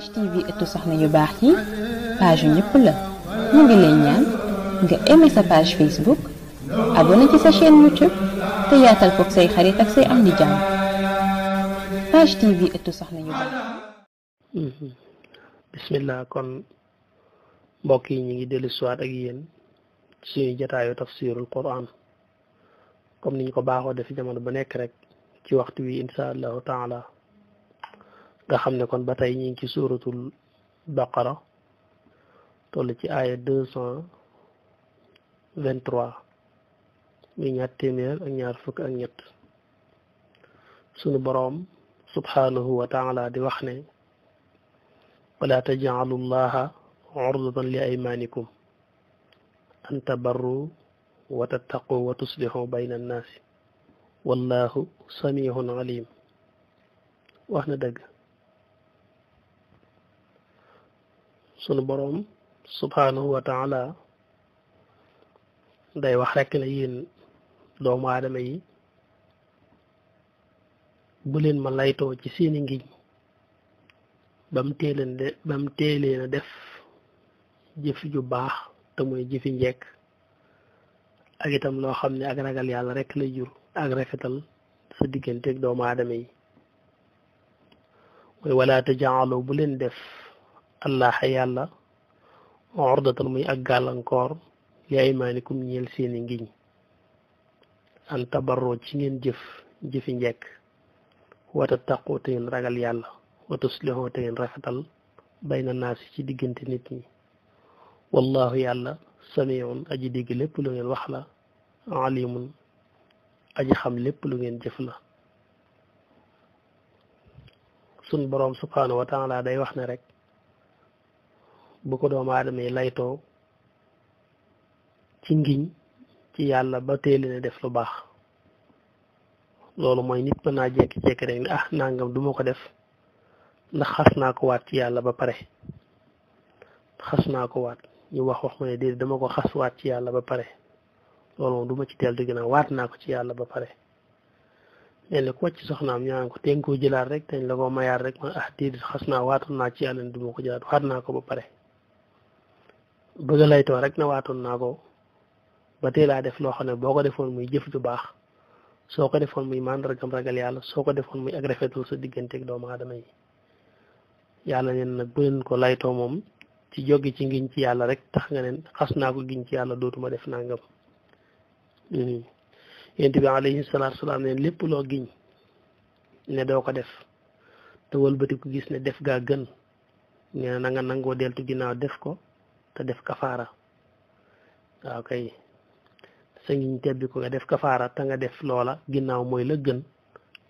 Sage TV ëttu soxna yu baax yi page yu la ngi lay ñaan nga sa page Facebook abonné ci sa chaîne YouTube te yaatal koog say xarit am di jàmm Sage TV ëttu soxna yu baax. Mhm. bismillah kon mbokk yi ñu ngi dellu siwaat ak yéen suñu jataayu tafsirul Quran comme ni ko baaxoo def jamono ba nekk rek ci waxtu wi incha allahu taala. nga xamne kon batay ñi ngi ci suuratul baqara toll ci aya 223 cent vingt trois ak ñaar fuk ak ñett sunu borom subhanahu wa taala di wax ne wala taj'alu allah urdatan li aymanikum an tabarru wa tattaqu wa tuslihu bayna an-nas wallahu samihun alim waxna na sunu borom subhaanahu wa taala day wax rekk ne yéen doomu aadama yi bu leen ma laytoo ci seeni ngiñ ba mu teeleen def jëf ju baax te muy jëfi njekk ak itam loo xam ne ak ragal yàlla rekk lay jur ak rafetal sa digganteeg doomu aadama yi mooy wala tajaalu bu leen def allaaxa yàlla ordatan muy ak gàllankoor li aymaanikum ñeel seeni ngiñ an tabarroo ci ngeen jëf jëfi njekk wata te ngeen ragal yàlla wata sulihoo te ngeen rafetal bayna naas ci diggante nit ñi wallahu yàlla samiun aji dégg lépp lu ngeen wax la alimun xam lépp lu ngeen jëf la sun boroom subhaanahu wa day wax ne rek bu ko doomu aadama yi laytoo ci ngiñ ci yàlla ba téeli ne def lu baax loolu mooy nit ma naa jekk jekki rek ne ah nangam du ma ko def ndax xas naa ko waat ci yàlla ba pare xas naa ko waat ñu wax wax ma ne déedéet dama ko xas ci yàlla ba pare loolu moom du ma ci dellu ginnaaw waat naa ko ci yàlla ba pare mel ni ko ci soxnaam am naan ko te nga jëlaat rek dañ la ko mayaat rek ma ah déedéet xas naa waatoon naa ci yàlla ne du ko jëlaat waat naa ko ba pare bëgg laytoo rek ne waatoon naa ko ba tey laa def loo xam ne boo ko defoon muy jëf ju baax soo ko defoon muy màndargam ragal yàlla soo ko defoon muy ak rafetul sa digganteeg doomu aadama yi yàlla neen nag bu ko laytoo moom ci jóge ci ngiñ ci yàlla rek tax nga neen xas naa ko giñ ci yàlla dootuma def nangam yent bi alayhi salaatu salaam neen lépp loo giñ ne doo ko def te wëlbati ko gis ne def gaa gën nee na nga nangoo deltu ginnaaw def ko te def kafaara waaw kay sa ngiñ tebbi nga def kafaara te nga def loola ginnaaw mooy la gën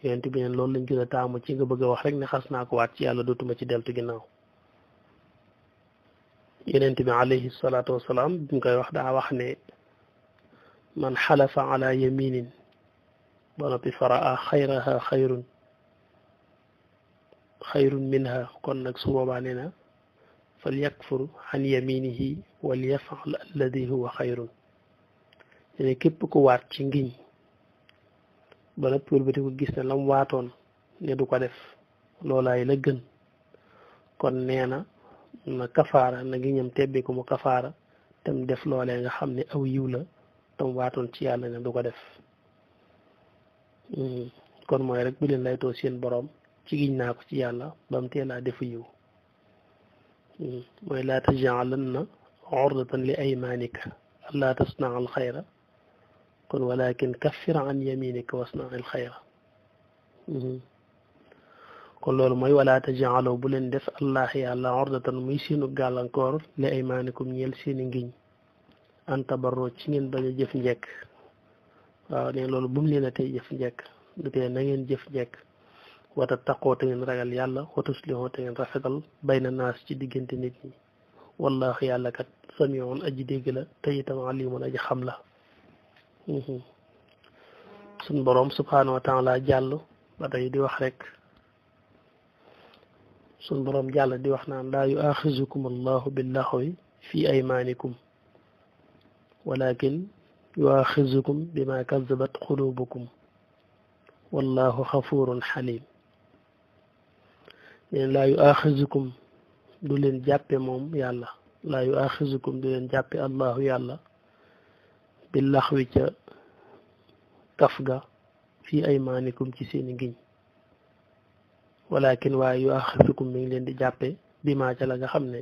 yonent bi neen loolu lañ gën a taamu ci nga bëgg a wax rek ne xas naa ko waat ci yàlla dootuma ci deltu ginnaaw yonent bi alayhi salaatu wasalaam bi mu koy wax daa wax ne man xalafa ala yaminin ba noppi faraa xayraha xayrun xayrun minha kon nag su boobaa nee na falyakfur an yaminihi walyafal alladi huwa xayrun ne képp ku waat ci ngiñ ba noppi wëlbati ko gis ne lam waatoon ne du ko def loolaay la gën kon nee na na kafaara na ngiñam tebbi ko mu kafaara tam def loolee nga xam ne aw yiw la tam waatoon ci yàlla ne du ko def hmm. kon mooy rek bu leen laytoo seen boroom ci giñ naa ko ci yàlla bam teelaa defu yiw mooy laa tajaalanna urdatan li aymaanika allaa tasnaa al xayra kon walakin kaffir an yaminika wasnaa al xayra mhm. kon loolu mooy wala tajaalo bu leen def allah yàlla ordatan muy seenu gàllankoor li aymaanikum ñeel seeni ngiñ an tabarro ci ngeen bañ a jëf njekk waaw loolu bu mu leen وتتقوا تين رجال يلا وتسلوا تين رفضل بين الناس جدي جنت نجني والله خيال لك سميعون أجدي جلا تيتم عليمون أجي خملا سن بروم سبحانه وتعالى جالو بدأ يدي وحرك سن بروم جالو دي وحنا لا يؤاخذكم الله باللهو في أيمانكم ولكن يؤاخذكم بما كذبت قلوبكم والله غفور حليم neen laa yu aaxizukum du leen jàppe moom yàlla laa yu aaxizukum du leen jàppe allahu yàlla bi laxwi ca kaf ga fii ay ci seeni ngiñ walakin waaye yu aaxizukum mi ngi leen di jàppe bi maa ca la nga xam ne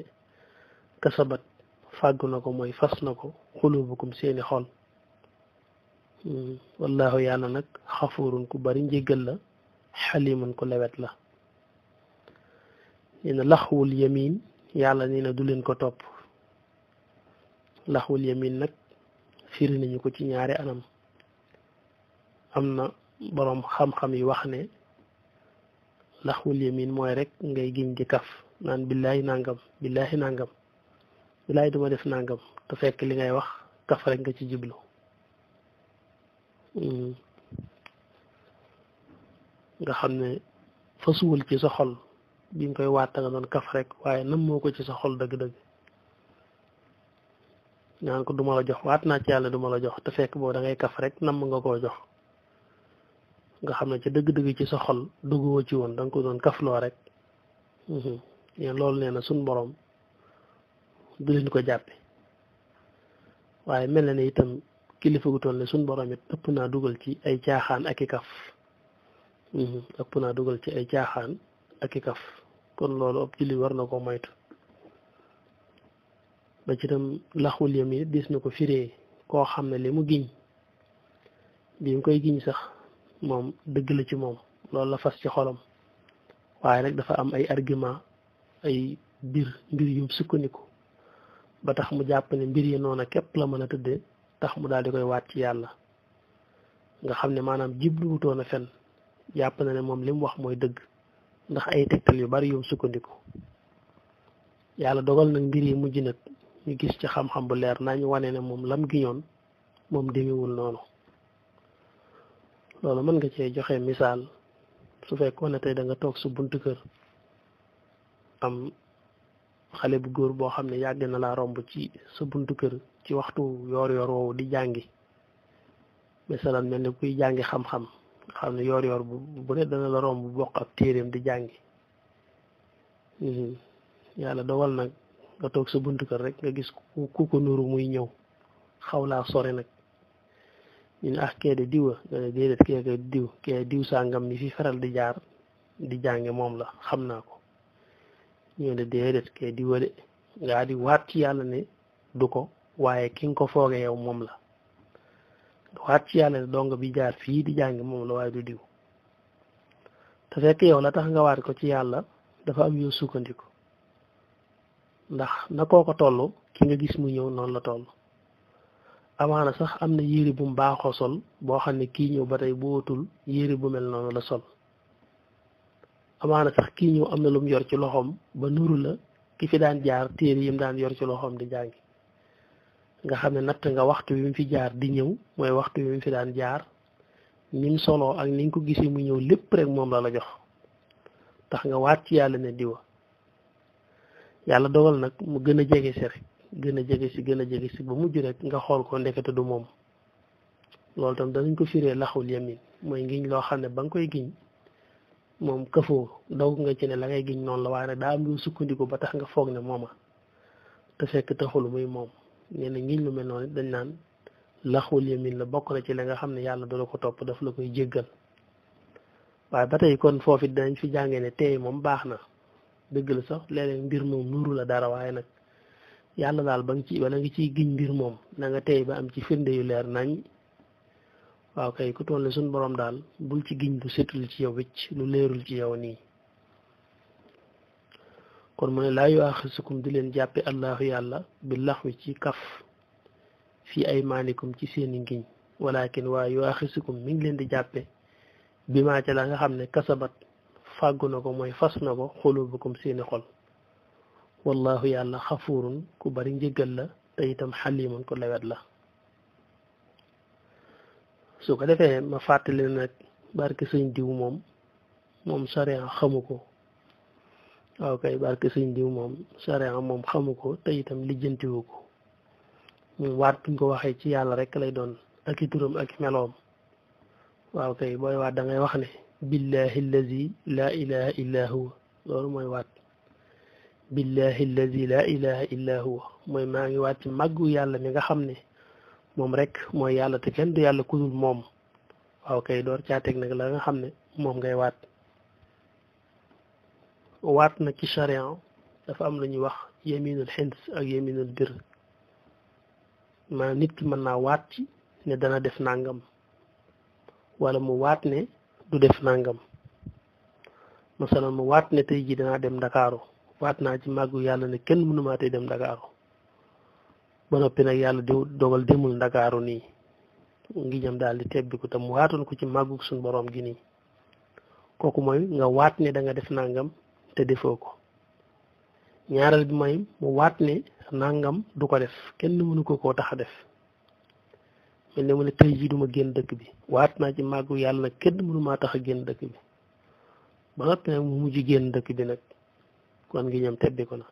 kasabat fàggu na ko mooy fas na ko xulubukum seeni xol hmm, wallahu yàlla nag xafuurun ku bari njéggal la xalimun ku lewet la nee na laxwul yamin yàlla nee na du leen ko topp laxwul yamin nag firi nañu ko ci ñaari anam am na boroom xam-xam yi wax ne laxwul yamin mooy rek ngay giñ di kaf naan billaahi nangam billaahi nangam billaahi duma def nangam te fekk li ngay wax kaf rek nga ci jublu hmm. nga xam ne fasuwul ci sa xol bi nga koy waat nga doon kaf rek waaye nam moo ko ci sa xol dëgg-dëgg ñaan ko duma la jox waat naa ci yàlla duma la jox te fekk boo da ngay kaf rek nam nga ko jox nga xam ne ci dëgg-dëgg ci sa xol duggoo ci woon da ko doon kafloo rek mhm. yéen loolu nee na suñ borom du leen ko jàppe waaye mel na ne itam kilifa gu toll ne suñ borom it ëpp naa dugal ci ay caaxaan ak i kaf mhm. ëpp naa dugal ci ay caaxaan ak i kaf kon loolu ab julli war na koo moytu ba ci tam laxul yamin dis na ko firee koo xam ne li mu giñ bi mu koy giñ sax moom dëgg la ci moom loolu la fas ci xolam waaye nag dafa am ay argument ay biir mbir yum sukkandiku ba tax mu jàpp ne mbir yi noona képp la mën a tëddee tax mu daal di koy waat ci yàlla nga xam ne maanaam jibluwutoon a fen jàpp na ne moom li mu wax mooy dëgg ndax ay tegtal yu bari yum sukkandiku yàlla dogal nag mbir yi mujj nag ñu gis ci xam-xam bu leer naa ñu wane ne moom lam ñoon moom demewul noonu loolu mën nga cee joxe misaal su fekkoon ne tey danga toog su buntu kër am xale bu góor boo xam ne yàgg na laa romb ci su buntu kër ci waxtu yoor yoor woowu di jàngi misalan mel ni kuy jàngi xam-xam xam ne yoor yoor bu bu ne dana la romb bokk ab téeréem di jàngi hmm. yàlla dogal nag nga toog sa buntu kër rek nga gis ku ko nuru muy ñëw xaw laa sore nag ñu ne ah kee de diwa nga ne sàngam mi fi faral di jaar di jànge moom la xam naa ko ñu ne déedéet diwa de ngaa di waat yàlla ne du ko waaye ki ko fooge yow moom la waat ci yàlla ne dong bi jaar fii di jàng moom la waaye du diw te fekk yow la tax nga waat ko ci yàlla dafa am yoo sukkandiku ndax na koo ko toll ki nga gis mu ñëw noonu la toll amaana sax am na yére bu baaxoo sol boo xam ne kii ñëw ba tey bootul yére bu mel noonu la sol amaana sax kii ñëw am na lu yor ci loxoom ba nuru la ki fi daan jaar téere yi mu daan yor ci loxoom di jàngi nga xam ne natt nga waxtu wi mu fi jaar di ñëw mooy waxtu wi mu fi daan jaar nim mu soloo ak ni nga ko gisee mu ñëw lépp rek moom la la jox tax nga waat ci yàlla ne diwa yàlla dogal nag mu gën a jege si rek gën a jege si gën a jege si ba mujj rek nga xool ko ndekete du moom loolu tam danañ ko firee laxul yamin mooy ngiñ loo xam ne ba nga koy giñ moom këfoo daw nga ci ne la ngay giñ noonu la waaye nag daa am lu sukkandiku ba tax nga foog ne mooma te fekk taxul moom nee ngi ngiñ lu mel noonu dañ naan laxul yamin la bokk na ci la nga xam ne yàlla dala ko topp daf la koy jéggal waaye ba tey kon foofu danañ fi jàngee ne tey moom baax na dëgg la sax léeg-léeg mbir moom nuuru la dara waaye nag yàlla daal ba ci wala nga ciy giñ mbir moom na nga tey ba am ci firnde yu leer nañ waaw kay ku toll suñu borom daal bul ci giñ lu setul ci yow wécc lu leerul ci yow nii kon mu ne laa yu axisukum du leen jàppe allahu yàlla bi laxwi ci kaf fii ay maanikum ci seeni ngiñ walakin waaye yu axisukum mi ngi leen di jàppe bi maa ca nga xam ne kasabat fàggu ko mooy fas na ko xulubukum seeni xol wallahu yàlla xafuurun ku bari njëgal la te itam xalimun ko lewet la su ko defee ma fàttali nag barke sëñ diw moom moom sariya xamu ko waaw kay barke sëñ diw moom sariya moom xamu ko te itam lijjantiwu ko waat buñ ko waxee ci yàlla rek lay doon ak i turam ak i meloom waaw kay booy waat dangay wax ne billahi allazi laa ilaha huwa loolu mooy waat billahi allazi laa ilaha illa maa ngi waat ci màggu yàlla mi nga xam ne moom rek mooy yàlla te kenn du yàlla ku dul moom waaw kay door caateeg nag la nga xam ne moom ngay waat waat na ci charia dafa am lu ñuy wax yeminul xins ak yeminul bir maanaam nit ki mën naa waat ci ne dana def nangam wala mu waat ne du def nangam masalan mu waat ne tey jii danaa dem ndakaaru waat naa ci màggu yàlla ne kenn mënumaa tey dem ndakaaru ba noppi nag yàlla di dogal demul ndakaaru nii ngi ñam daal di tebbiku mu waatoon ko ci màggu suñu borom gi nii kooku mooy nga waat ne danga nga def nangam te defoo ko ñaareel bi mooy mu waat ne nangam du ko def kenn mënu ko koo tax a def mel ni mu ne tey jii duma génn dëkk bi waat naa ci màggu yàlla nag kenn mënu maa tax a génn dëkk bi ba nag mu mujj génn dëkk bi nag kon ngi ñam tebbi ko na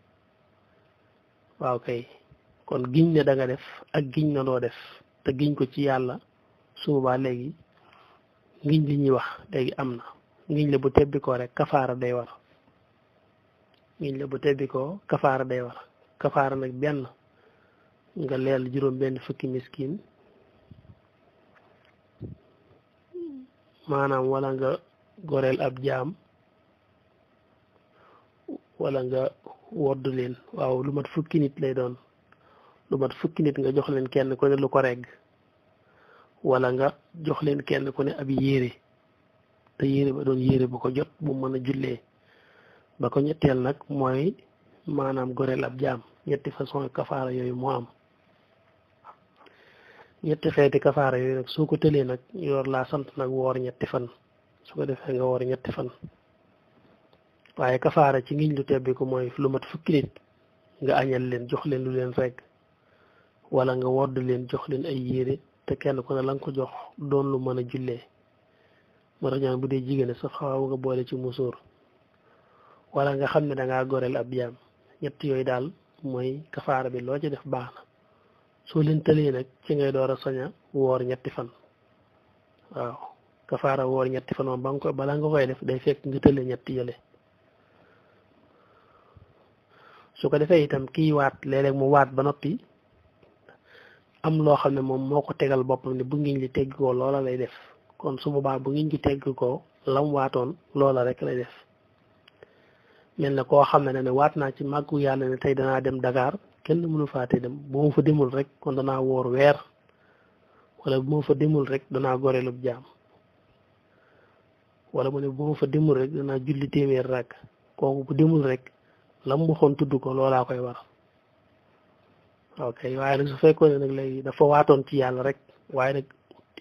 waaw kay kon giñ ne da def ak giñ na doo def te giñ ko ci yàlla su boobaa léegi ngiñ li ñuy wax léegi am na ngiñ la bu tebbi ko rek kafaara day war ñiñ le bu tebbi ko kafaara day war kafaara nag benn nga leel juróom benn fukki miskin maanaam wala nga goreel ab jaam wala nga wodd leen waaw lu mat fukki nit lay doon lu mat fukki nit nga jox leen kenn ku ne lu ko regg wala nga jox leen kenn ku ne ab yéere te yéere ba doon yéere bu ko jot bu mën a jullee ba ko ñetteel nag mooy maanaam goreel ab jaam ñetti façon kafaara yooyu moo am ñetti xeeti kafaara yooyu nag soo ko tëlee nag yor laa sant nag woor ñetti fan su ko defee nga woor ñetti fan waaye kafaara ci ngiñ lu tebbi mooy lu mat fukki nit nga añal leen jox leen lu leen rekk wala nga wodd leen jox leen ay yére te kenn ku ne la ko jox doon lu mën a jullee moo tax ñaan bu dee jigéen sax xaw nga boole ci musóor wala nga xam ne da ngaa goreel ab jaam ñetti yooyu daal mooy kafaara bi loo ci def baax na soo leen tëlee nag ci ngay door a soña woor ñetti fan waaw kafaara woor ñetti fan moom ba nga ko balaa koy def day fekk nga tëlee ñetti yële su ko defee itam kii waat léeg mu waat ba noppi am loo xam ne moom moo ko tegal boppam ni bu ngiñ li tegg ko loola lay def kon su boobaa bu ngiñ ci tegg koo lam waatoon loola rek lay def mel na koo xam ne ne waat naa ci màggu yàlla ne tey danaa dem Dakar kenn mënu faate dem bu fa demul rek kon danaa woor weer wala bu ma fa demul rek danaa gorelub jaam wala mu ne bu rek danaa julli téeméer ràkk kooku bu demul rek lam waxoon tudd ko loolaa koy war ok waaye nag su fekkoon ne nag léegi dafa waatoon ci yàlla rek waaye nag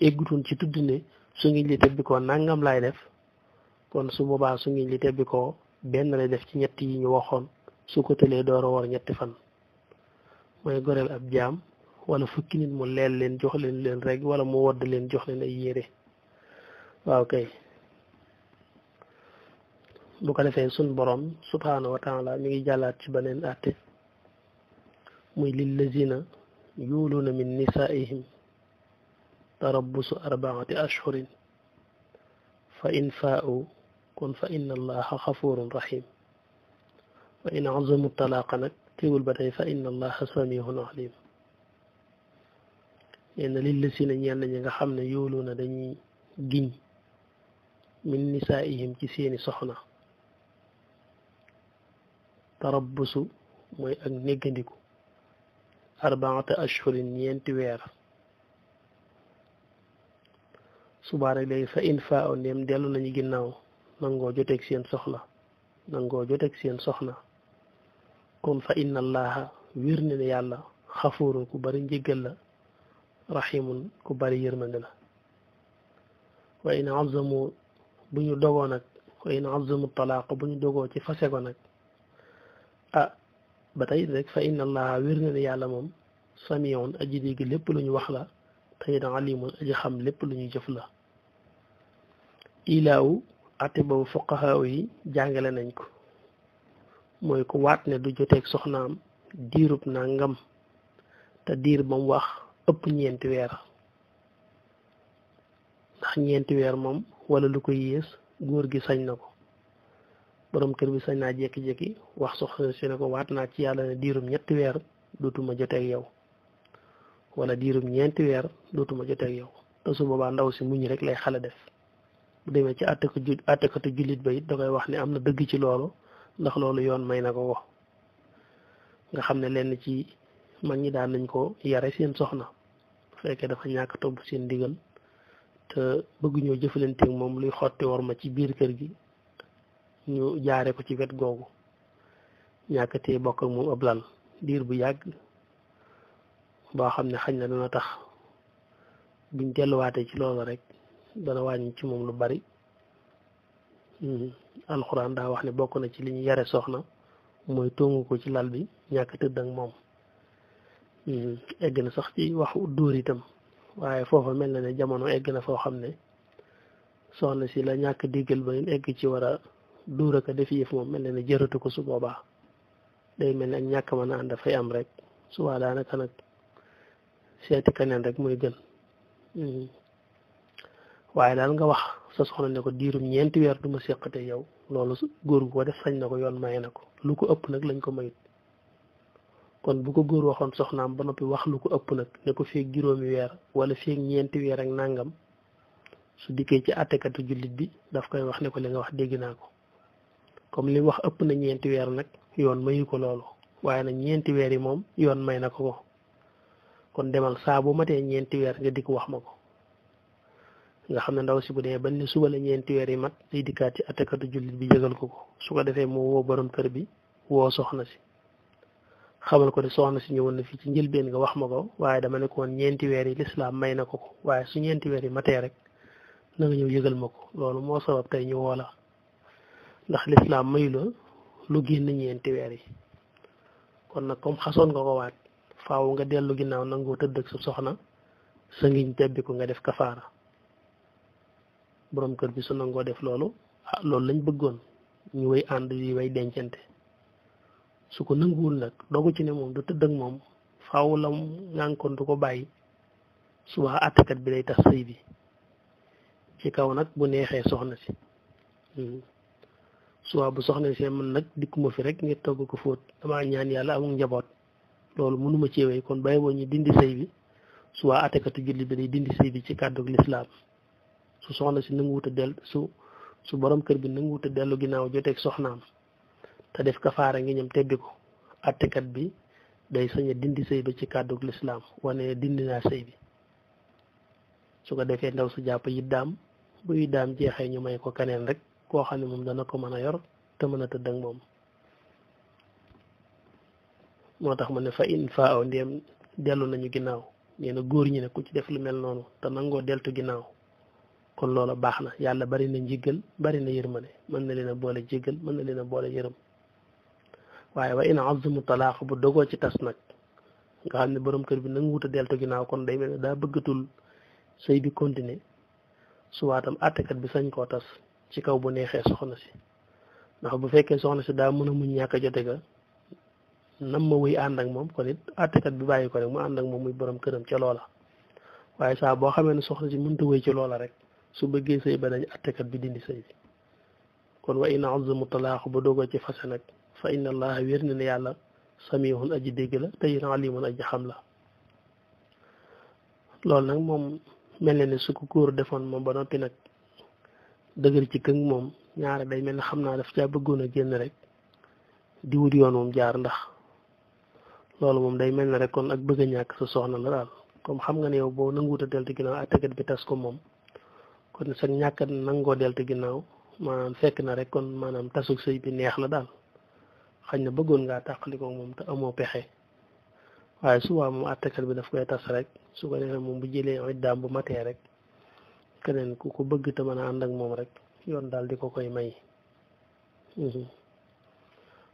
eggutoon ci tudd ne su ngi li tebbi ko nangam laay def kon su boobaa su ngi li tebbi ko benn lay def ci ñett yi ñu waxoon su ko tëlee door a woor ñetti fan mooy goreel ab jaam wala fukki nit mu leel leen jox leen leen rek wala mu wodd leen jox leen ay yére waaw kay bu ko defee sun boroom subhaanahu wa taala ngi jàllaat ci beneen àtte muy lillazina yuuluuna min nisaa'ihim tarabbusu arbaati ashhurin fa in faa'u kon fa inna allaha xafurun rahim wa in azamu talaaqa nag teewul ba fa inna allaha samihun alim nee na si na ñi nga xam ne yoolu na dañuy giñ min nisaa'ihim ci seeni soxna tarabbusu mooy ak néggandiku arbaata ashhurin ñeenti weer subaa rek léegi fa in faa o ndéem dellu nañu ginnaaw nangoo joteeg seen soxla nangoo joteeg seen soxna kon fa inna allaha wér na yàlla xafuurun ku bari njëggal la raximun ku bari yërmande la wa in azamu bu ñu dogoo nag wa in azamu talaaq bu ñu dogoo ci fase ko nag ah ba tey rek fa inna allaha wér na yàlla moom samiun aji dégg lépp lu ñu wax la te it alimun aji xam lépp lu ñu jëf la ilaawu atte boobu fuqahaaw yi jàngale nañ ko mooy ku waat ne du joteeg soxnaam diirub nangam te diir ba mu wax ëpp ñeenti weer ndax ñeenti weer moom wala lu ko yées góor gi sañ na ko borom kër bi sañ naa jékki-jékki wax soxna si ne ko waat naa ci yàlla ne diirum ñetti weer dootuma joteeg yow wala diirum ñeenti weer dootuma joteeg yow te su boobaa ndaw si muñ rek lay xale def bu demee ci àtteeku ju àtteekatu jullit ba it da koy wax ne am na dëgg ci loolu ndax loolu yoon may na ko ko nga xam ne lenn ci mag ñi daan nañ ko yare seen soxna bu fekkee dafa ñàkk topp seen ndigal te bëgguñoo jëfalanteeg moom luy xotti war ma ci biir kër gi ñu jaare ko ci wet googu ñàkkatee bokk ak moom ab lal diir bu yàgg boo xam ne xañ na dana tax buñ delluwaatee ci loolu rek dana wàññi ci moom lu bari hmm. alxuraan daa wax ne bokk na ci liñ ñu yare soxna mooy tóngu ko ci lal bi ñàkk tëdd moom hmm. egg na sax ci wax dóor itam waaye foofa mel na ne jamono egg na foo xam ne soxna si la ñàkk diggal ba egg ci war a dóor ak a moom mel na ne jëratu ko su boobaa day mel ne ak ñàkk mën a ànd dafay am rek subaa daanaka nag seeti keneen rek mooy gën hmm. waaye daal nga wax sa soxna ne ko diirum ñeenti weer du ma séqate yow loolu góor gu ko def sañ na ko yoon maye na ko lu ko ëpp nag lañ ko mayut kon bu ko góor waxoon soxnaam ba noppi wax lu ko ëpp nag ne ko feeg juróomi weer wala feeg ñeenti weer ak nàngam su dikkee ci àttekatu jullit bi daf koy wax ne ko li nga wax dégg naa ko comme li wax ëpp na ñeenti weer nag yoon mayu ko loolu waaye nag ñeenti weer yi moom yoon may na ko ko kon demal saa bu matee ñeenti weer nga dikk wax ma ko nga xam ne ndaw si bu dee bañ ne suba la ñeenti weer yi mat day dikkaat ci attakatu jullit bi yëgal ko ko su ko defee mu woo borom kër bi woo soxna si xamal ko ne soxna si ñëwoon na fii ci njëlbeen nga wax ma ko waaye dama ne woon ñeenti weer yi lislaam may na ko ko waaye su ñeenti weer yi matee rek na nga ñëw yëgal ma ko loolu moo sabab tey ñu woo ndax lislaam mayu la lu génn ñeenti weer yi kon nag comme xasoon nga ko nga dellu ginnaaw nangoo tëdd ak soxna sa ngiñ tebbi ko nga def kafaara boroom kër bi su nangoo def loolu ah, loolu lañ bëggoon ñu way ànd yi way dencante su ko nanguwul nag dogu ci ne moom du tëdd moom faaw la ngànkoon du ko bàyyi suba bi day tax sëy bi kaw nag bu neexee soxna si hmm. suba bu soxna si mën nag dikkuma fi rek ngir togg ko fóot damaa ñaan yàlla amul njaboot loolu mënuma ceewee wey kon bàyyi boo ñu dindi sëy bi suba àttekatu julli bi day dindi sëy bi ci kàddug lislaam su soxna si nanguwut a dellu su su boroom kër bi nanguwut a dellu ginnaaw joteeg soxnaam te def kafaara ngi ñam tebbi ko attekat bi day sañ a dindi sëy ba ci kàddug lislaam wane dindi naa sëy bi su ko defee ndaw su jàpp yit daam bu yi daam jeexee ñu may ko keneen rek koo xam ne moom dana ko mën a yor te mën a tëdd ak moom moo tax ma ne fa in faa aw ndéem dellu nañu ginnaaw nee na góor ñi ne ku ci def lu mel noonu te nangoo deltu ginnaaw kon loola baax na yàlla bari na njëggal bari na yërmande mën na leen a boole jéggal mën na leen boole yërëm waaye wa in azumu talaaq bu dogoo ci tas nag nga xam ne boroom kër bi nag wut a deltu ginnaaw kon day mel ne daa bëggatul sëy bi suwaatam àttekat bi sañ koo ci kaw bu neexee soxna si ndax bu fekkee soxna si daa mën a muñ ñàkk a jote ga nam ma wuy ànd ak moom kon it àttekat bi bàyyi ko rek mu ànd ak moom muy borom këram ca loola waaye saa boo xamee ne soxna si mënta wéy ci loola rek su bëggee sëy ba dañ attekat bi dindi sëy bi kon wa in azumu talaaxu ba doogoo ci fase nag fa inna allaha wér na ne yàlla samihun aji dégg la tey alimun aji xam la loolu nag moom mel na ne su ko góor defoon moom ba noppi nag dëgër ci këng moom ñaare day mel ne xam naa daf caa bëggoon a génn rek di wut yoon moom jaar ndax loolu moom day mel na rek kon ak bëgg ñàkk sa soxna la daal comme xam nga ne yow boo nanguwut a dellu ginnaaw àttekat bi tas ko moom kon sa ñàkk nangoo deltu ginnaaw maanaam fekk na rek kon maanaam tasug sëy bi neex na daal xañ na bëggoon ngaa tàqalikoo moom te amoo pexe waaye suba moom àttekat bi daf koy tas rek su ko defee moom bu jëlee iddaam bu matee rek keneen ku bëgg te mën a ànd ak moom rek yoon daal di ko koy may mhm.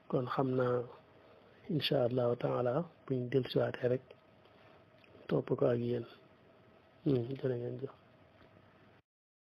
kon xam naa incha allahu taala buñ dellusiwaatee rek topp ko ak yéen mhm,